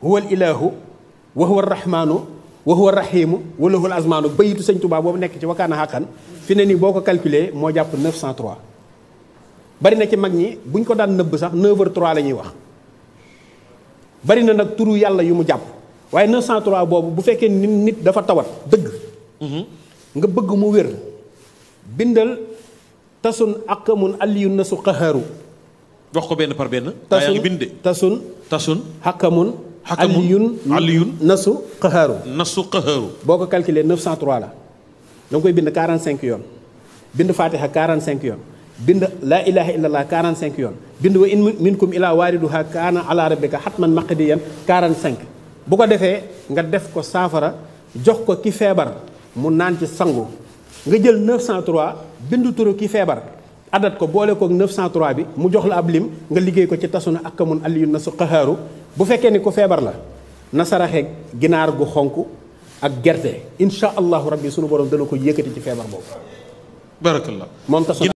huwa ilaahu wa huwa arrahmaanu wa huwa arrahiimu wa lahu al azmaanu bayitu sañ Tuubaa boobu nekk ci wakkaana xàqan fi ne nii boo ko calculé moo jàpp 903 bari na ci mag ñi buñ ko daan nëbb sax 9h03 la ñuy wax bari na nag turu yàlla yu mu jàpp waaye 903 boobu bu fekkee nit nit dafa tawat dëgg mm-hmm. nga bëgg mu wér bindal tasun akamun aliyun nasu qaharu wax ko benn par benn tasun binde tasun tasun hakamun aliyun aliyun nasu qaxaaru nasu qaxaaru boo ko calculé 903 la da nga koy bind 45 yoon bind fatiha 45 yoon bind laa ilaha illallah 45 yoon bind wa in minkum ilaa waariduha kaana ala rabbika xatman maqdiyan 45 bu ko defee nga def ko saafara jox ko ki feebar mu naan ci sangu nga jël 903 bind turu ki feebar adat ko boole koog 903 bi mu jox la ab lim nga liggéey ko ci ak tasuna akamun aliyun nasu qaxaaru bu fekkee ni ku feebar la na saraxe ginaar gu xonk ak gerte incha allahu rabbi sunu borom dana ko yëkkati ci feebar boobu. barakallah moom tax